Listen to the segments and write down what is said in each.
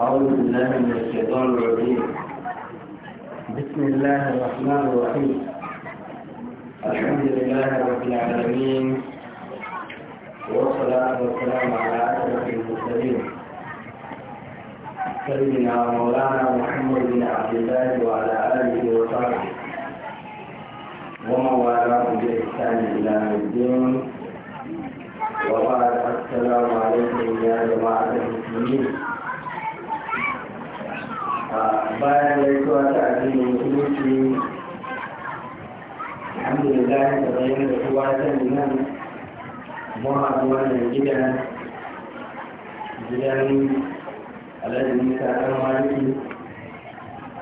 أعوذ بالله من الشيطان الرجيم بسم الله الرحمن الرحيم الحمد لله رب العالمين والصلاة والسلام على أشرف المرسلين سيدنا مولانا محمد بن عبد الله وعلى آله وصحبه ومن والاه بإحسان إلى الدين وبعد السلام عليكم يا جماعة المسلمين bayan gaisuwa ta addinin musulunci alhamdulillah da bayan da kowa ta nan mun haɗu wannan gidan gidan alhaji musa kan maliki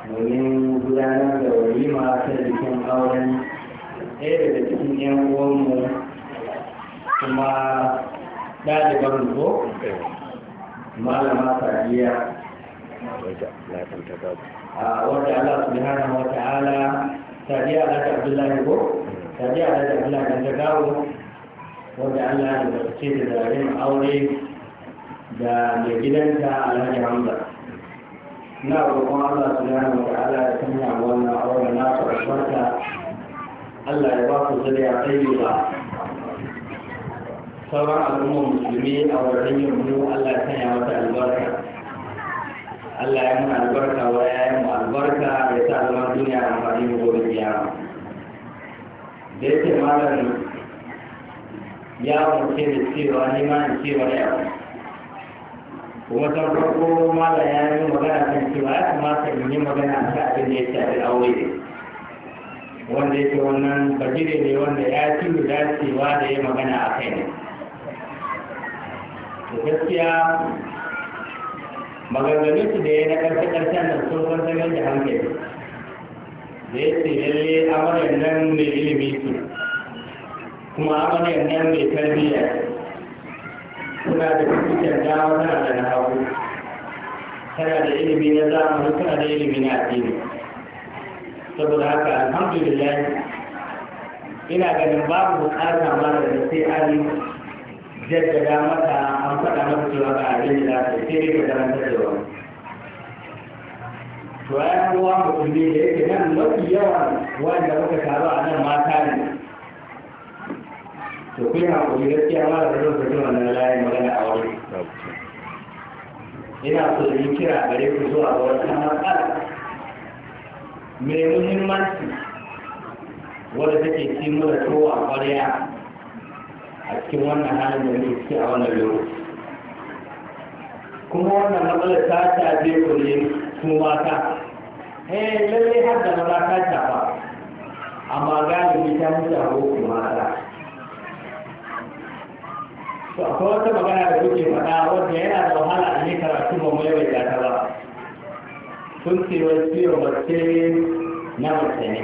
domin gudanar da walima ta jikin auren ɗaya daga cikin 'yan uwanmu kuma ɗaliban ko malama sadiya لا تنتقد ورد الله سبحانه وتعالى تابع لك عبد الله يقول تابع لك عبد الله na roƙon Allah subhanahu wa ta'ala ya sanya wannan auren na ku albarka Allah ya ba ku zuriya ba. sauran al'ummar musulmi a wajen yin mu Allah ya sanya wata albarka Allah ya muna albarka wa ya yi mu albarka ya sa zama duniya amfani mu gobe kiyama da yake malam ya wuce da cewa ni ma in ce wani abu kuma san farko malam ya yi magana kan cewa ya kamata in yi magana a kan abin da ya shafi aure wanda yake wannan bajire ne wanda ya ci dacewa da ya magana a kai ne gaskiya maganganun su da ya na ƙarshe ƙarshen nan sun san zaman da hankali da ya ce lalle amaryar nan mai ilimi su. kuma amaryar nan mai tarbiyya suna da kusurciyar dawa tana da na hagu tana da ilimi na zamani suna da ilimi na addini saboda haka alhamdulillah ina ganin babu buƙatar ba da sai an jaddada mata an faɗa masa cewa ba a rage da kai sai dai ka garantar da wani to ya ruwa musulmi da yake nan mafi yawan wanda muka taru a nan mata ne to kun haƙuri gaskiya ma da zai fito wannan layin magana a wani ina so yi kira gare ku zuwa ga wata matsala mai muhimmanci wadda take ci mana towa ƙwarya a cikin wannan halin da muke ciki a wannan lokaci kuma wannan matsalar ta shafe ku ne su mata eh lallai har da maza ta shafa amma galibi ta fi shafo ku mata to akwai wata magana da kuke faɗa wanda yana da wahala a yi karatu ba mai yawai ta ba sun ce wai ciwo mace na mace ne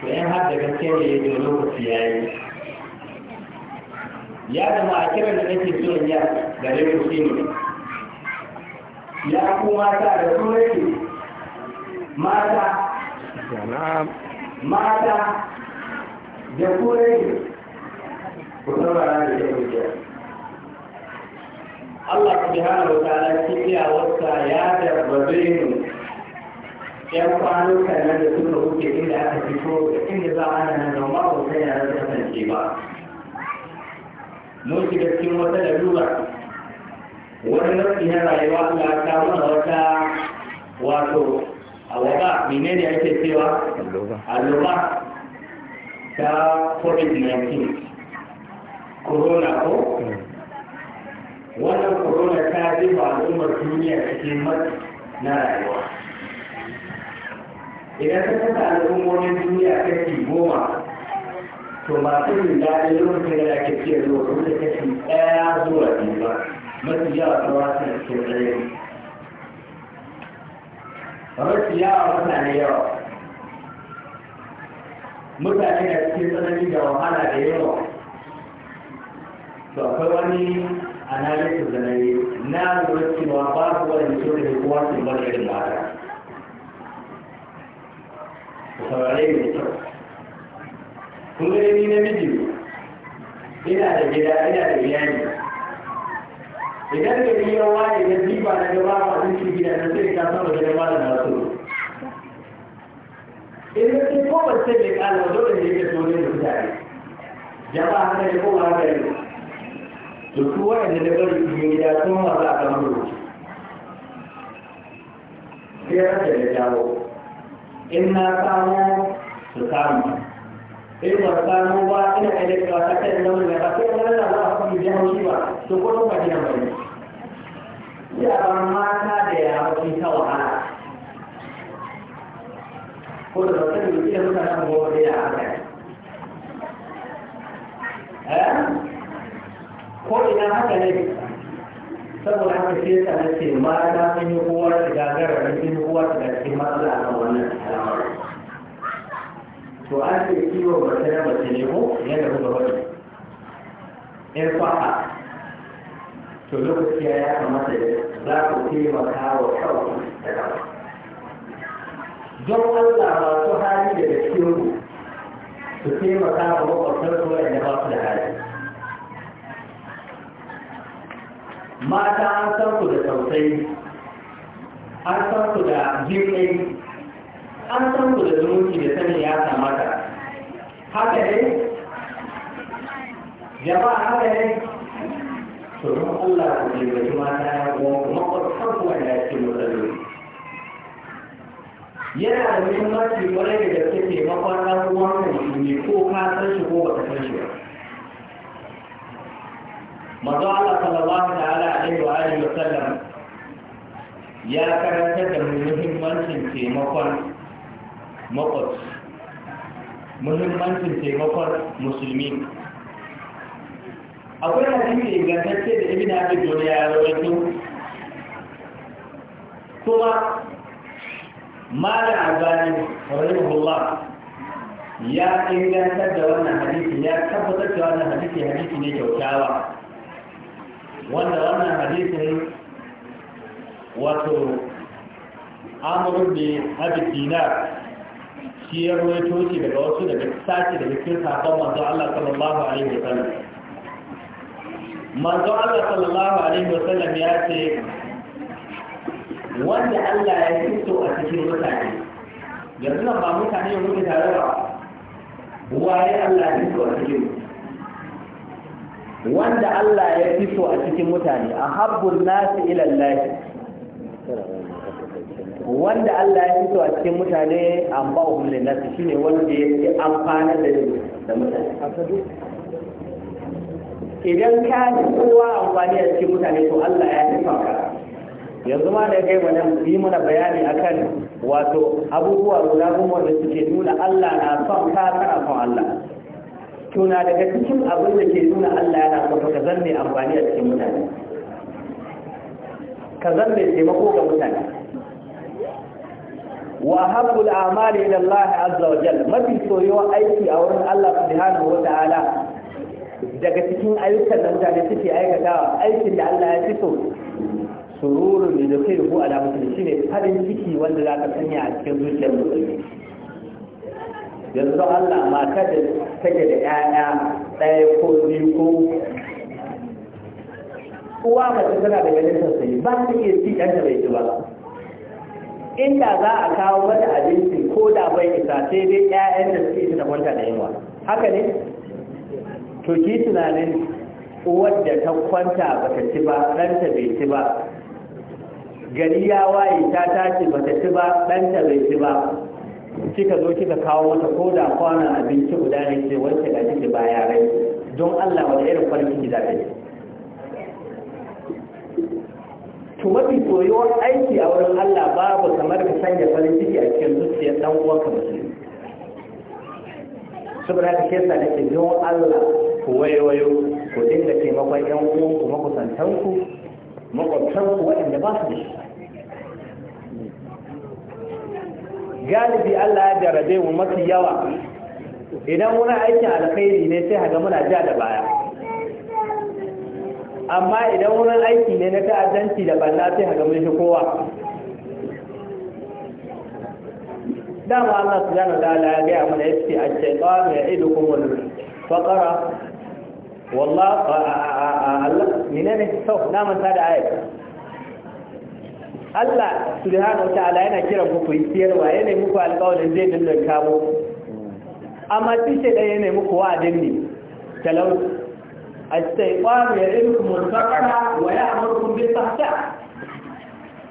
to yan har da gaske ne da lokaci ya yi ya zama a kiran da nake so in ya da rai shi ne ya kuma mata da su mata mata da ku ko ku ba da yau da Allah subhanahu wa ta'ala cikin wata ya da babin yan kwanuka nan da suka wuce inda aka fito ko inda za a nan da ma ko kai ya kasance ba mun shiga cikin wata lalura wani nau'i na rayuwa Allah ta mana wata wato a waba menene ake cewa alloba ta covid-19 corona ko hmm. wannan corona ta jefa al'ummar duniya cikin matsi na rayuwa idan ka kasa al'ummomin duniya kashi goma to masu rinda ne lokacin da ake ce ruwa da kashi ɗaya zuwa biyu ba mafi yawa tsawa suna cikin ɗaya mafi yawa suna da yawa mutane da cikin tsanani da wahala da yawa to akwai wani analysis da na yi na lura cewa ba su wani mutum da kowa su bar irin mata ku saurare mai kyau kun gani ni namiji ina da gida ina da iyali idan da biyan wani da jiba na gaba ba sun ci gida na sai ka sama da gaba da nasu idan sai ko sai da kala dole ne ya so ne da mutane jama'a haka ne ko haka ne to su wa'anda da bari su gida sun masu a kan rubuci sai rasa da jawo in na samu su samu irin masu kano ba ina ɗaya da wata kan mai ba sai wani na za a kuma ji haushi ba to ko ba ba ne yaran mata da yara sun ta wahala ko da wata ne iya mutanen gobe kai ko ina haka ne saboda haka sai sanar ce mata sun yi kowa gagara gararin sun yi kowa shiga cikin matsala a wannan to an ce kiwo mace na mace ne ko yana da kuma wani in fa'a to lokaci ya kamata za ku taimaka wa kanku da kanku don Allah masu hali daga cikin ku su taimaka wa makwabtar su da ba su da hali mata an san ku da tausayi an san ku da jirgin an san ku da zumunci da sani ya kamata haka ne jama'a haka ne to don Allah ku ne ga mata ya kuma kuma kwatsan ku wanda ya ce matsaloli yana da muhimmanci kwarai da gaske taimakon ɗan uwanka musulmi ko ka san shi ko baka san shi ba manzo Allah sallallahu ta'ala alaihi wa alihi wa sallam ya karanta da muhimmancin taimakon makwabci muhimmancin taimakon musulmi akwai hadisi ingantacce da ibn abi duniya ya rawaito kuma malam albani rahimahullah ya ingantar da wannan hadisi ya tabbatar da wannan hadisi hadisi ne kyautawa wanda wannan hadisin wato Amurin da abi dinar shi ya rawaito shi daga wasu daga sashi daga cikin sabon manzo Allah sallallahu alaihi wasallam manzo Allah sallallahu alaihi wasallam ya ce wanda Allah ya fito a cikin mutane yanzu nan ba mutane ya muke tare ba waye Allah ya fito a cikin wanda Allah ya fito a cikin mutane ahabbun nasi ila Allah wanda Allah ya fito a cikin mutane a ba da hulun nasu shine wanda ya fi amfana da da mutane idan ka ji kowa amfani a cikin mutane to Allah ya fi ka yanzu ma da kai wannan yi mana bayani akan wato abubuwa guda goma da suke nuna Allah na son ka kana son Allah to na daga cikin abin da ke nuna Allah yana son ka zanne amfani a cikin mutane ka zanne taimako ga mutane wa habbul amali ila Allah azza wa jalla mafi soyuwa aiki a wurin Allah subhanahu wa ta'ala daga cikin ayyukan da mutane suke aikatawa aikin da Allah ya fi so sururun da zai ko ala musulmi shine farin ciki wanda za ka sanya a cikin zuciyar musulmi yanzu Allah mata da take da 'ya'ya ɗaya ko biyu ko uwa mace tana da ganin sosai ba ta iya ci ɗanta bai ci ba inda za a kawo mata abinci ko da bai isa sai dai ƴaƴan da suke ta kwanta da yawa haka ne to ki tunanin wadda ta kwanta ba ta ci ba ɗanta bai ci ba gari ya waye ta tashi ba ta ci ba ɗanta bai ci ba kika zo kika kawo mata ko da kwanan abinci guda ne ce wacce da kike ba yarai don Allah wani irin farin ciki za to mafi soyuwar aiki a wurin Allah babu kamar ka sanya farin ciki a cikin zuciyar dan uwanka musulmi saboda haka kesa da ke don Allah ku wayo ku dinga taimakon yan uwanku makusantanku ku waɗanda ba su da shi galibi Allah ya jarabe mu mafi yawa idan muna aikin alkhairi ne sai haga muna ja da baya amma idan wurin aiki ne na ta'addanci da banna sai haga mun shi kowa dama Allah subhanahu da ta'ala ya gaya mana yace ya ido ya'idukum wani fakara. wallah Allah ne to na ta da ayat Allah subhanahu wa ta'ala yana kiran ku ciyarwa yana muku alƙawarin zai dinga kamo amma tishe da yana muku wa'adin ne talauci الشيطان يعلمكم الفقر ويأمركم بالفحشاء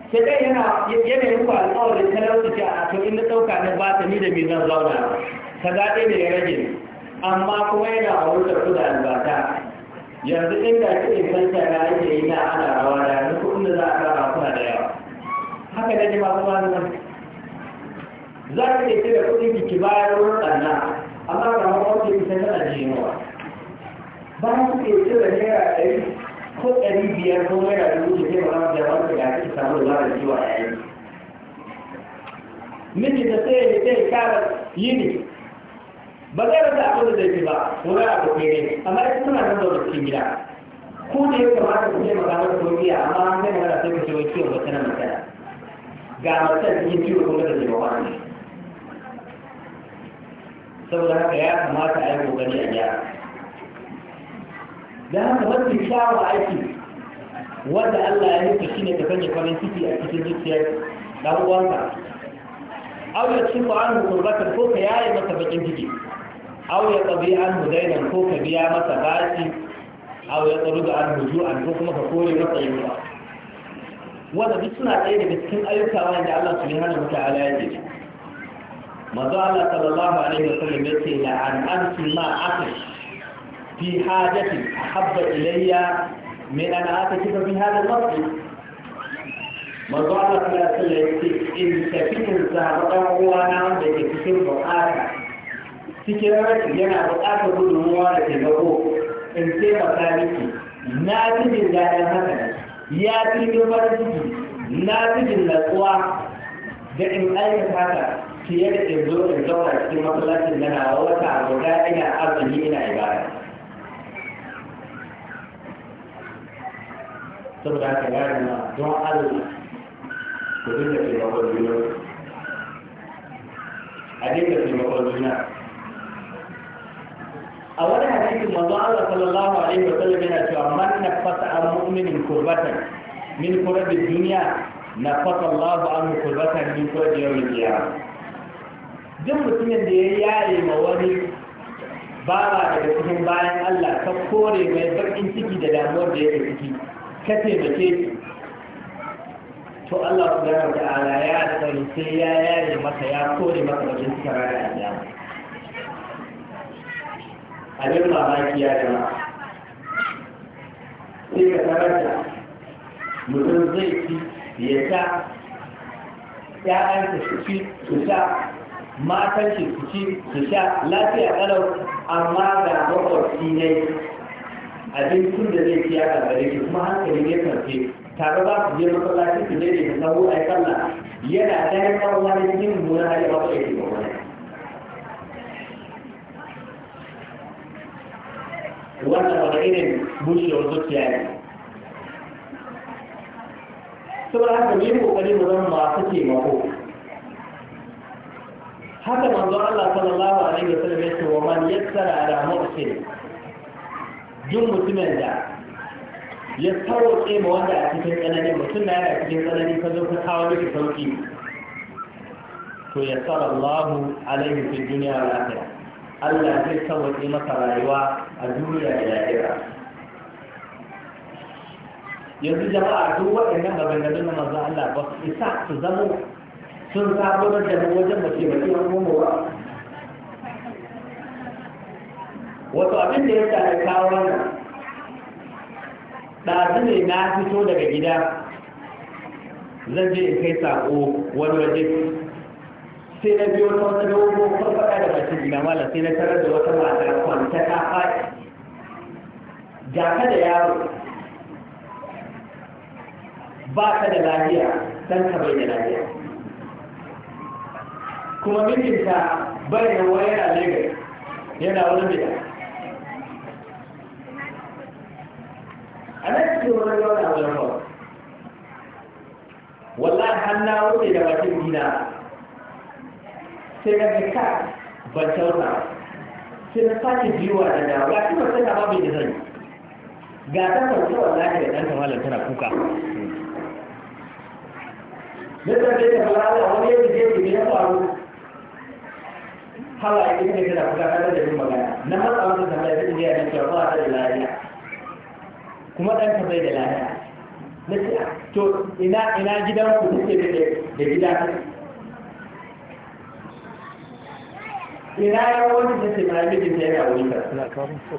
sai yana yana yin kwa alƙawarin talauci a to inda ɗauka na ba ta ni da mi zan zauna ka zaɓe ne ya rage amma kuma yana a wuce ku da albata yanzu inda kake fanta na yake yi na ana rawa da yanzu kuɗin da za a ƙara kuna da yawa haka da ji masu wani nan za ka iya cire kuɗin ki bayar wurin ɗanna amma ga mawa ke kusa tana jiyewa ba su ke cire naira ɗari ko ɗari biyar ko naira dubu da zai ba da wanda da ake samu da mara ciwo a yayin miji da sai ya zai kara yi ne ba zai rasa abin da zai ba wani abu kai ne amma ita suna nan da cikin gida ko da ya kamata ku taimaka masa ko biya amma an gani wani sai ku ce wai ciwon wata na magana ga mutum yin ciwo kuma da zai ba wani saboda haka ya kamata a yi kokari a gyara da haka mafi kyawun aiki wanda Allah ya nufi shi ne ta fanya farin ciki a cikin zuciyar ɗan uwanka aw ya ci an kurbatar ko ka yaye masa bakin ciki aw ya tsabi an hudainan ko ka biya masa bashi aw ya tsaru da an hujuan ko kuma ka kore masa yunwa wanda duk suna ɗaya daga cikin ayyuka wanda Allah subhanahu wataala ya ce manzo Allah sallallahu alaihi wasallam ya ce la an amsi ma akhi fi hajatin ahabba ilayya min an ataka fi hadha al-masjid manzo Allah sallallahu alaihi wasallam ce in tafiyin zaɓen uwana wanda ke cikin buƙata cikin rashin yana buƙatar gudunmuwa da taimako in taimaka miki na fi jin daɗin haka ya farin ciki na da in aikata haka fiye da in zo in zauna cikin masallacin da na wata guda ina arziki ina ibada saboda haka ya yi na don allah ku dinga taimakon juna a dinga taimakon juna a wani hadisin manzo Allah sallallahu alaihi wa sallam yana cewa man nafasa an mu'minin kurbatan min kurabi duniya nafasa Allah an kurbatan min kurabi yawmin qiyamah duk mutumin da ya yaye ma wani baba daga cikin bayan Allah ta kore mai bakin ciki da damuwar da yake ciki ka taimake to Allah subhanahu wata'ala ya tsari sai ya yare maka ya kore maka wajen tsara da Allah abin mamaki ya gama sai ka tarata mutum zai ci ya ta ‘ya'yansa su ci su sha matan shi su ci su sha lafiya ƙalau amma ga maƙwarci ne tun da zai fiya a gare shi kuma hankali ya karfe tare ba su je masallaci su ne da sahu a sallah yana ganin kawo wani cikin muna hali ba su aiki ba wani wannan wani irin bushewar zuciya ne saboda haka ne kokari mu zama masu taimako haka manzo Allah sallallahu alaihi wasallam ya ce wa man yassara ala mu'min duk mutumin da ya sauƙe ma wanda a cikin tsanani mutum na yana cikin tsanani ka zo ka kawo miki sauƙi to ya tsara Allahu alaihi fi duniya wal akhirah Allah zai sauƙe maka rayuwa a duniya da lahira yanzu jama'a duk waɗannan maganganun na manzon Allah ba su isa su zamo sun zaburar da mu wajen mace mace an goma ba wato abin da ya sa kawo wannan ɗazu ne na fito daga gida zan je in kai sako wani waje sai na biyo ta wata dogo farfaɗa da mace gina mala sai na tarar da wata mata kwanta ta faɗi jaka da yaro ba ka da lafiya don ka bai da lafiya kuma mijinta bayan wayar a lagos yana wani bida nan ce wani zauna wajen kawai wallahi har na wuce da bakin gida sai ka ga ka ban tauna sai na sake biyuwa da dawa ga kuma sai ka babu da zai ga ta kwanci wallahi da ɗan kamalan tana kuka yadda da ta fara wani yadda zai ke ya faru hawa ya ke ne tana kuka kada da yin magana na matsa wata tambaya zai iya da kyau ba ta da lafiya kuma ɗanka bai da lafiya na ce ah, to ina ina gidan ku kuke da da gida ina ya wani da ce na mijin da yana wuri ka na kawo su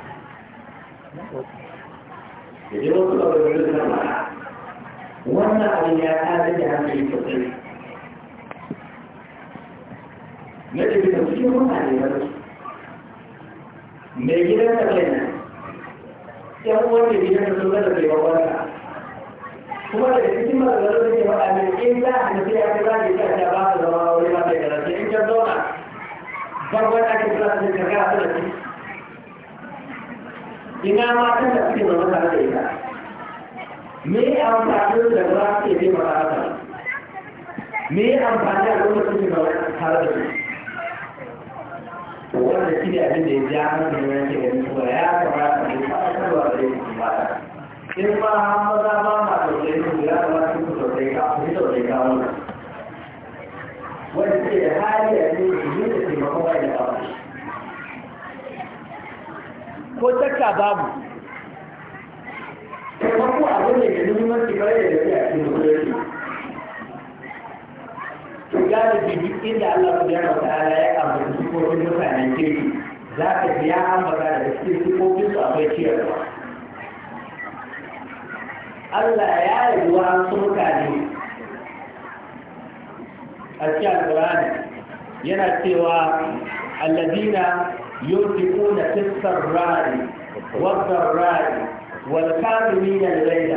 da jiran su da wani da wannan abin ya ta da hankali sosai na ce bisa cikin mutane ba mai gidan ka kenan yan uwan da gidan da sun zata bai wanda kuma da cikin matsalar da ke faɗa ne in za a tafi ya ta zage ta ta ba ta zama wani ba ta karatu in ta zauna babban ake kira su ka ga su da shi ina matan da suke zama tare da ita me amfanin da za su ke fara haka me amfani a lokacin da tare da su to wanda shi ne abin da ya ja mana ne wani ke gani kuma ya kamata ne ba a zuwa da yau kuma ba in ma maza ba ma tausayi su ya kamata su tausayi ka su tausayi ka wannan wanda ke da hali a cikin su yi da taimakon wani da ko takka babu taimako abin da ke muhimmanci bare da yake a cikin kudurki to gane bibi inda Allah subhanahu wa ta'ala ya ambaci sifofin mutanen kirki za ka ji ya ambata da cikin sifofin su akwai ciyarwa Allah ya yi ruwa su mutane a cikin alƙur'ani yana cewa alladina ينفقون في السراء والضراء والكاظمين الليل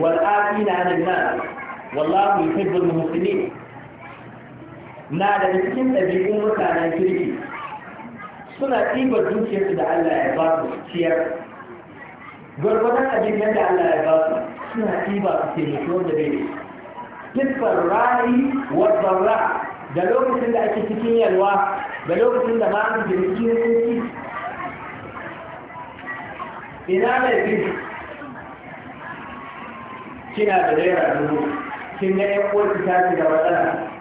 والآتين عن الناس والله يحب المحسنين na da cikin ɗabi'un mutanen kirki suna ɗibar dukiyarsu da Allah ya ba su ciyar gwargwadon abin yadda Allah ya ba su suna ɗiba su taimaki wanda bai fiskar ra'ayi wa zarra da lokacin da ake cikin yalwa da lokacin da ma an jirgi hukunci ina laifin kina da naira dubu kin ga yan uwarki ta ci da matsala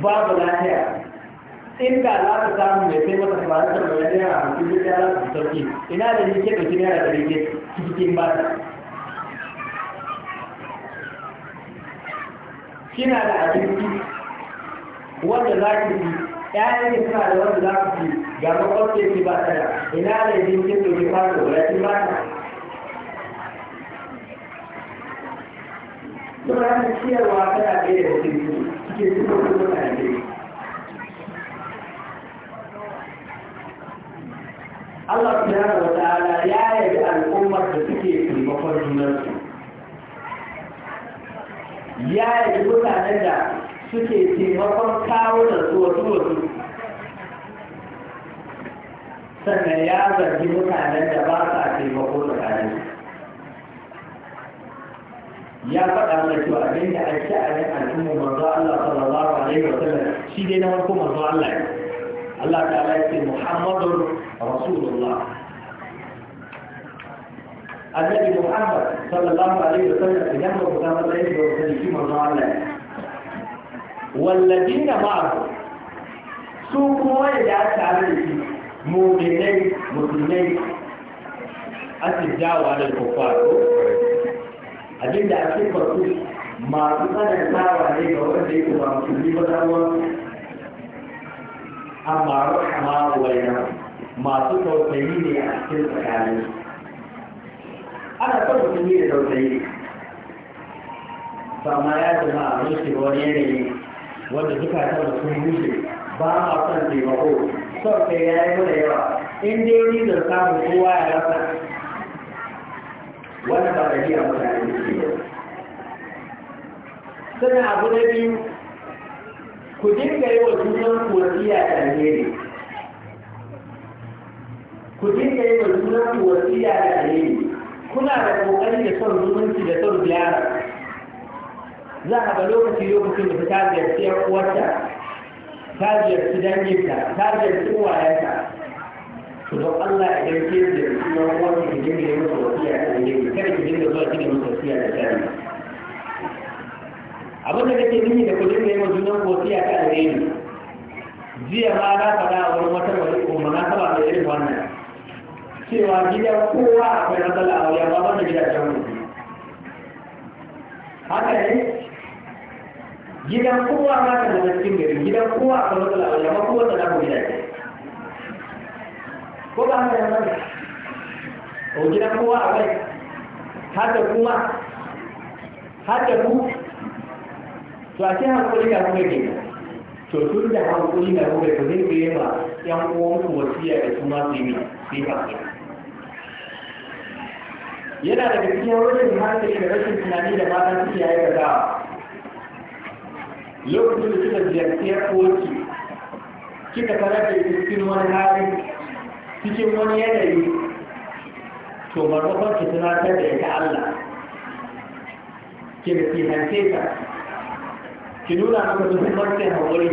babu lafiya inda za ka samu mai sai masa kamar da mai yana a mutum da ya lafi sauki ina da ni ke ɗauki naira da rike cikin ba ta kina da abinci wanda za ki fi ƴaƴan ki suna da wanda za ku fi ga makwabce ki ba ta ina da ni ke ɗauki fara da ya ci ba ta Duk ranar ciyarwa tana ɗaya da cikin suke kuma mutane Allah subhanahu wa ta'ala ya yaga al'ummar da suke taimakon junansu ya yabi mutanen da suke taimakon kawo da su wasu wasu sannan ya zargi mutanen da ba sa taimako tsakaninsu ya faɗa mana cewa abin da ake a nan al'ummar manzo Allah sallallahu alaihi wa sallam shi dai na farko manzo Allah ne Allah ta'ala ya ce Muhammadu Rasulullah Annabi Muhammad sallallahu alaihi wa sallam ya ba ku san ya yi ba ku shi manzo Allah ne walladina ma'ahu su kuma da aka tare da shi mu'minai musulmai asijawa da kuffar abinda da ake farko masu tsanantawa ne ga wanda ya kuma yi ba za mu amma rahama wayan masu tausayi ne a cikin tsakanin ana sun yi da tausayi sama ya zama a rushe wani yanayi wanda ta da sun rushe ba a son taimako son kai ya yi mana yawa in dai ni samun kowa ya rasa wannan ba gajiya mutane ne ke sannan abu na biyu ku dinga yi wa junan ku wasiya da alheri ku dinga yi wa junan ku wasiya alheri kuna da kokari da son zumunci da son ziyara za a ga lokaci lokacin da ta ziyarci yan uwarta ta ziyarci danginta ta ziyarci uwayenta to don Allah idan ke da sunan wani ki dinga yi masa wasiya da dangi kada ki dinga zuwa masa wasiya da dangi abin da nake nuni da wasiya ta jiya ma na faɗa a wata wani kuma na saba da irin wannan cewa gidan kowa akwai matsala a da gidajen mu haka ne gidan kowa ma zama cikin gari gidan kowa akwai ko ba haka yanzu o gidan kowa a kai har da kuma har da ku to a ce hankali ga kuma ke to tun da hankali ga kuma ku zai biye ma yan uwanku wasiya da kuma su yi sai ba yana daga cikin rashin hankali da rashin tunani da mata suke aikatawa lokacin da kika ziyarci ya kowace kika tarar da cikin wani hali. cikin wani yanayi to marmakon ki tunatar da ita Allah ki nasihance ta ki nuna maka muhimmancin haƙuri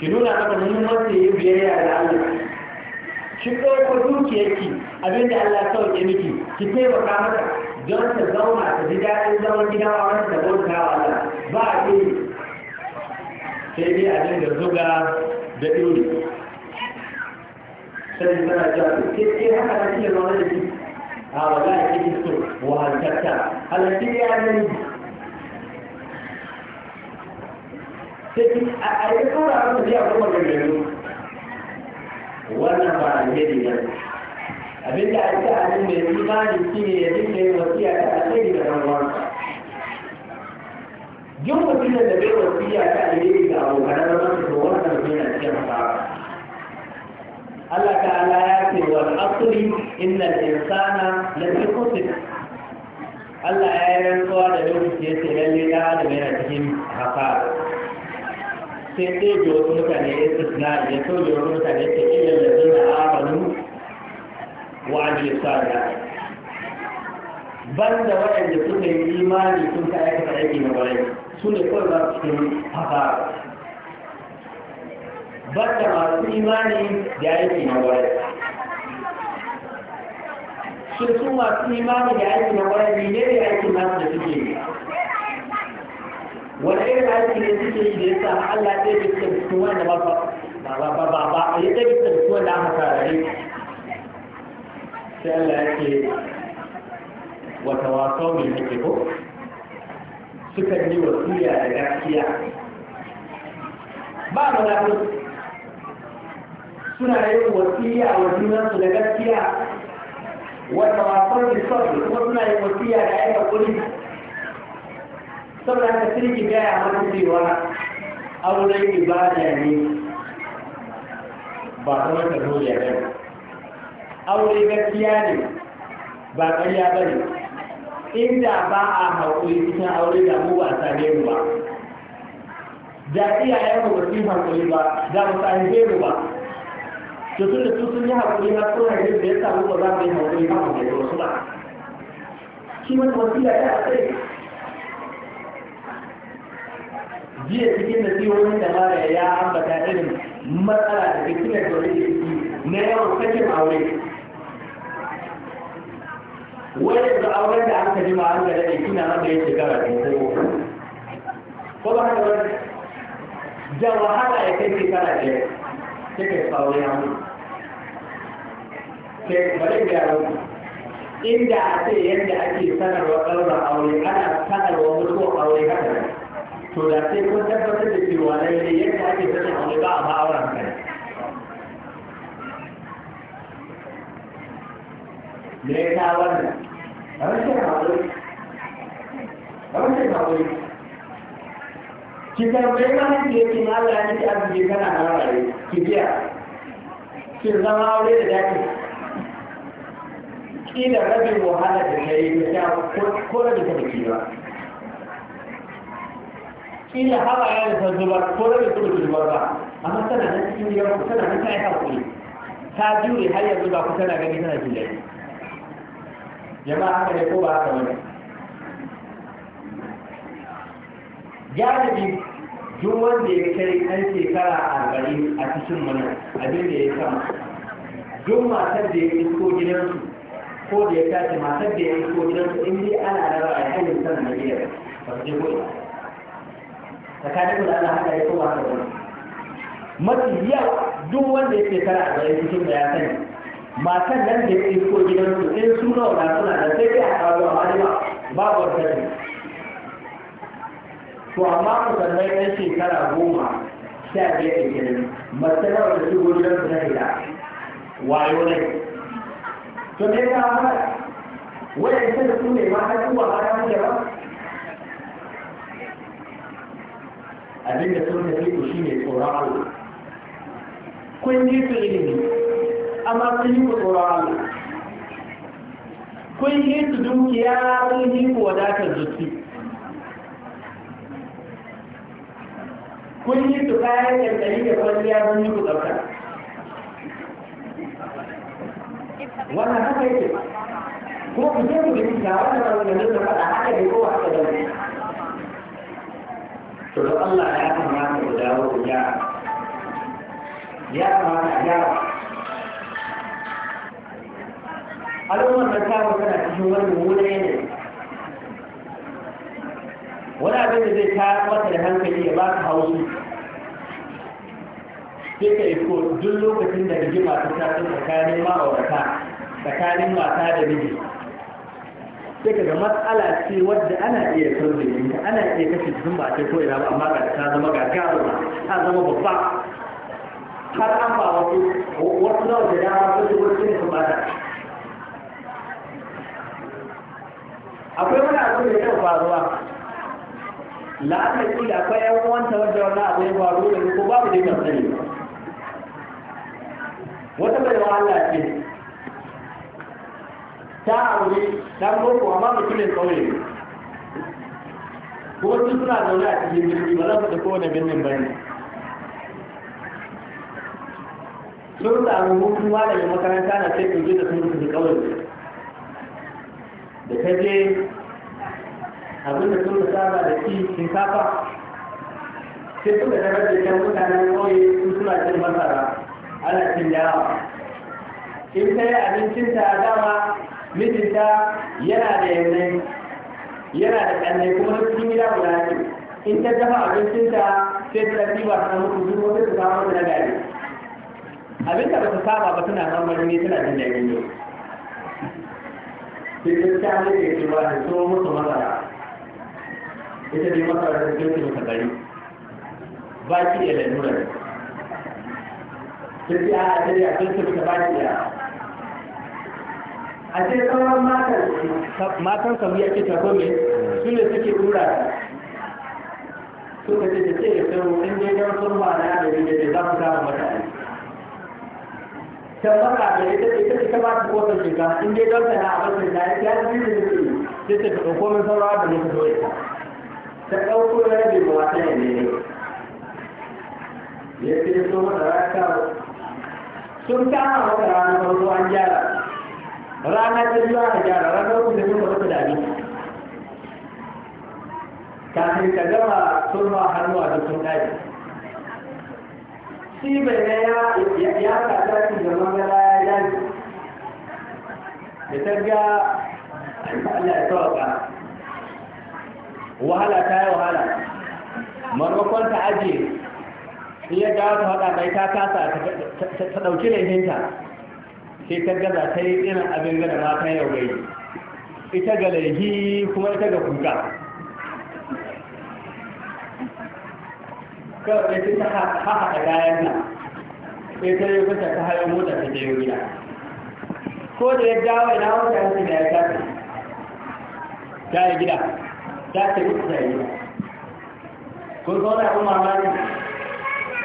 ki nuna maka muhimmancin yin biyayya da Allah ki ɗauko dukiyarki abinda Allah ya sauke miki ki taimaka mata don ta zauna ta ji daɗin zaman gida a wani ta bauta wa Allah ba a ke sai dai a dinga zuga da ɗori sai mana jafi ke ke haka da ke zama da shi a wala ya ke so wahalkarta halatta ya nan sai a yi kawai a kuma biya kuma da gano wannan ba a yi ne abinda a yi ta abin da ya fi bani shi ne ya dinga yin wasiya ta alheri da ɗan uwansa yin wasiyar da bai wasiya ta alheri ga abokanan zama su wannan zai na cikin hasara Allah ta'ala ya ce wal asri innal insana lafi khusr Allah ya yi rantsuwa da lokaci ya ce lalle da da yana cikin hasara sai dai ga wasu mutane ya tsina ya so ga wasu mutane ya ce illal ladina amanu wa amilu salihat banda wanda suka yi imani sun ta aikata aiki na ƙwarai su ne kawai za su cikin hasara banda masu imani da aiki na wari su su masu imani da aiki na wari ne ne aiki nasu da suke yi wani irin aiki ne suke yi da ya sa Allah ɗaya da suke bisu wanda ba ba ba ba ba ya ɗaya da suke bisu wanda aka sarari sai Allah ya ce wata wasau mai nake ko sukan yi wasiya da gaskiya ba munafiki suna yin wasiya wa su da gaskiya wanda wasan da sabu kuma suna yin wasiya da ya hakuri saboda haka sirki gaya masu cewa auren ibada ne ba kuma ta ya gani. aure gaskiya ne ba ƙarya ba ne inda ba a haƙuri cikin aure da mu ba a same mu ba da iyayen mu ba su haƙuri ba da mu sahibe mu ba to sun yi haƙuri na da ya samu ba za mu yi haƙuri ba mu da ba shi jiya ya ambata irin matsala da na aure wani da auren da aka ji ma da kina nan ya shekara da ko wani da sai bari ga yaro inda a ce yadda ake sanarwa ɗaura aure ana sanarwa mutuwa aure haka ne to da sai kun tabbatar da cewa na yadda yadda ake sanin aure ba a ma'auran kai me ya ta wannan rashin haƙuri rashin haƙuri ki tambayi mahaifiyarki na Allah ya nake arziki kana na raye ki biya ki zama aure da dakin kila rabin wahala da ta yi ta sha ko rabin ta baki ba kila haɓaya da ta zubar ko rabin ta baki ba amma tana nan cikin gidan ku tana nan ta yi haƙuri ta jure har yanzu ba ku tana gani tana jin daɗi jama'a haka ne ko ba haka wani galibi duk wanda ya kai ɗan shekara arba'in a cikin mana abin da ya sama duk matar da ya isko gidansu ko da ya tashi matar da ya yi ko gidan in dai ana da ra'ayi hanyar sana na gida ba su je ko ina tsakanin da Allah haka ya koma ka wani mafi yawa duk wanda ya ce kana a bayan cikin da ya sani matan nan da ya yi ko gidan su in su nawa na suna da sai dai a kawo amma dai ba babu wata ne to amma musamman ɗan shekara goma sha biyar da kenan mace nawa da su gidan su na gida wayo ne to me ya hana wai sai da su ne ma ta kuwa a ran da abin da sun tafi ku shine tsoron Allah kun yi su ilimi amma kun yi ku tsoron Allah kun yi su dukiya kun yi ku wadatar zuci kun yi su kayan ƙanƙari da kwalliya don yi ku tsafta wannan haka yake kuma ku je ku gani ga wannan maganganun da faɗa haka ko kowa haka da to don Allah ya kamata ku dawo ku gyara ya kamata a gyara al'ummar da ta na cikin wani mummunan yanayi wani abin da zai ta wata da hankali ya ba ka haushi sai ka iko duk lokacin da rigima ta taso tsakanin ma'aurata tsakanin mata da miji sai ka ga matsala ce wadda ana iya sauke ta ana iya kashe cikin ba ta koyi ba amma ga ta zama gagaruma ta zama babba har an ba wasu wasu nawa da dama su ji wasu ne sun ta akwai wani abu da yau faruwa la'akari da akwai yan uwanta wadda wani abu ya faru da ko babu da ya sani ba wata bai wa Allah ce ta aure dan boko amma mutumin kauye ko su suna zaune a cikin birni ba za su da kowane birnin ba ne sun samu hutu malamin makaranta na sai kuje da sun rufe kauye da ta je abinda sun saba da shi shinkafa sai suka tarar da can mutanen kauye su suna cin masara ana cin yawa in ta yi abincinta a dama mijinta yana da yanayi yana da ƙanne kuma na cikin gida guda ce in ta dafa abincin ta sai ta ɗafi ba ta mutu duk wata su samu da gari Abin ta ba su saba ba tana marmari ne tana jin daɗin yau. sai ta ta ne da ke ba da so musu masara ita dai masara da ta ke musu gari ba ki da lalura ne sai a a ce sauran matan matan ya ce mai su ne suke tura suka ce da ce ya in dai don sun na na da za mu samu mata aiki can da ita ba ta kofar shiga in dai don a basir da ya ta biyu da sai ta ɗauko min saurawa da muka zo ita ta ɗauko na rabe ba wata ne ne ya ce so mata raka sun kama wata ranar farko an gyara Rana ta biyu a gyara ranar uku da suka wata dami kafin ka gama turma hannuwa da sun daji shi bai na ya ya kasa shi da mangala ya daji da ta ga Allah ya tawaka wahala ta yi wahala maimakon ta ajiye yadda aka haɗa mai ta kasa ta ɗauki laifinta sai ta gaza ta yi irin abin gada matan yau gai ita ga laifi kuma ita ga kuka kawai sai ta haɗa kayan nan sai ta yi kusa ta hayo mota ta je gida. ko da ya dawa ina wata yanzu da ya kasa ta yi gida ta ce kusa ta yi gida kun zauna kuma ne.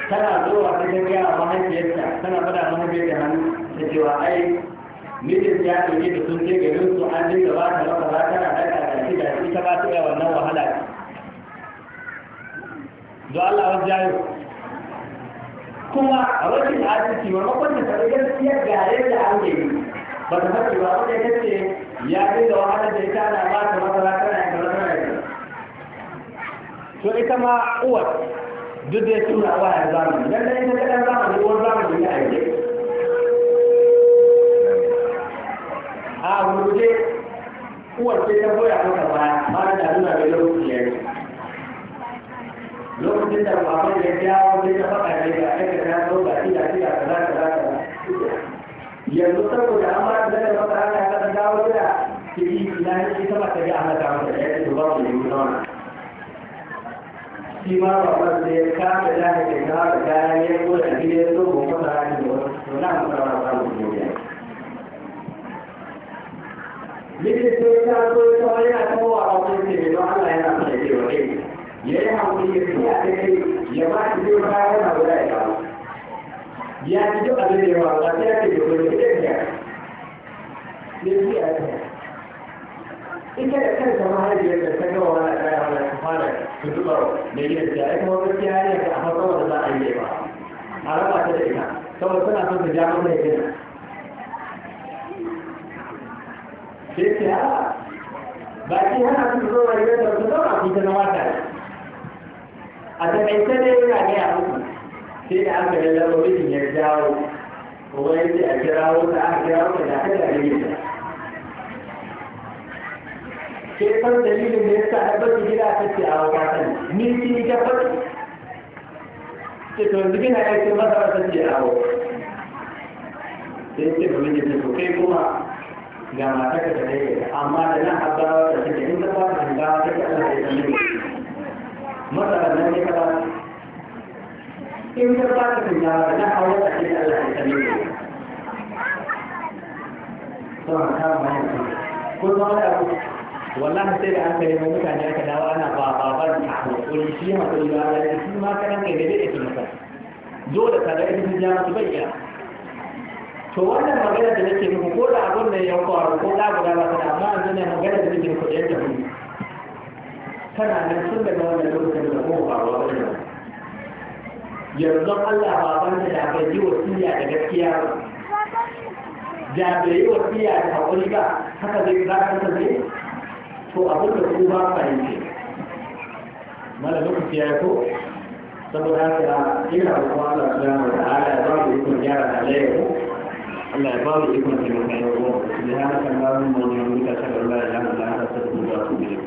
tana zuwa wajen gyara mahaifiyarta tana fada mahaifiyarta hannu da cewa ai mijin ya ɗauke da sun je garin su an dinga ba ta maka ba tana daga da shi da shi ta ba ta wannan wahala ce. Zo Allah wasu jayo. Kuma a wajen adalci maimakon da tafi gaskiyar gare da an yi ba ta fashe ba wajen kace ya dinga wahala da ita na ba ta maka ba tana yin ba. tana yin To ita ma uwar duk da suna waya zamani dan dai ta kadan zamani ko zamani ya aike a wuce uwar ce ta koya maka baya ba da nuna da lokaci ya yi lokacin da babu ya jawo sai ta faɗa ne ga aika ta zo ga tida tida kaza kaza kaza yanzu saboda an ba da da faɗa ana ta dawo da kiri ina ne ta ba ta ga ana ta mata ya ta ba ta yi wannan shi ma baban sai ya kama da ya kama da kayan ya kula da gida ya zo gobe da hannun da wasu to na mutu ba mu zo ya Lili sai ya zo ya kawo yana kawo a wajen sai mai don Allah yana son ya ce wa kai ya yi hankali ya kai ya ba shi zai kawo yana guda ya kawo. Ya ci duk abin da ya ba, ba sai ya ce da akan kerjaan mereka. Jadi बाकी है ना तो रेलवे चलते तो आप इसे नवाज है अच्छा ऐसे रेलवे आ गया ठीक है आप रेलवे को भी नहीं जाओ वो ऐसे अखिराओ तो अखिराओ तो जाके चलेगी केवल दिल्ली में देश का है बस जिला से क्या होगा तो नीति क्या पर तो जिला तो ऐसे बस बस क्या होगा sai ce ba miji ce kai kuma ga mata ka tare amma da nan haddawa ta take in ta fara hangawa ta kada ta yi masara nan ne kada in ta fara hangawa da nan hawa ta take Allah ya sani ne sama ta mai ko ba da wallahi sai da aka yi mutane aka dawo ana ba baban ta hakuri shi hakuri ba da shi ma kana kai da dai ita dole ka ga ita ta ja mutu bayyana to wannan magana da nake muku ko da abin da ya faru ko da guda ba ta amma yanzu ne magana da nake muku yadda mu Kana nan sun da wannan lokacin da kuma faru ba ne yanzu Allah ba ban da bai yi wasiya da gaskiya ba da bai yi wasiya da hakuri ba haka zai za ka kasance to abin da ku ba ka yi mala lokaci ya ko saboda haka ina roƙon Allah subhanahu wa ta'ala ya ba yi ikon gyara da alayyahu. Allah ya ba mu ikon taimaka yau da haka na mun mun yi mutaka da Allah ya haka ta duba su ne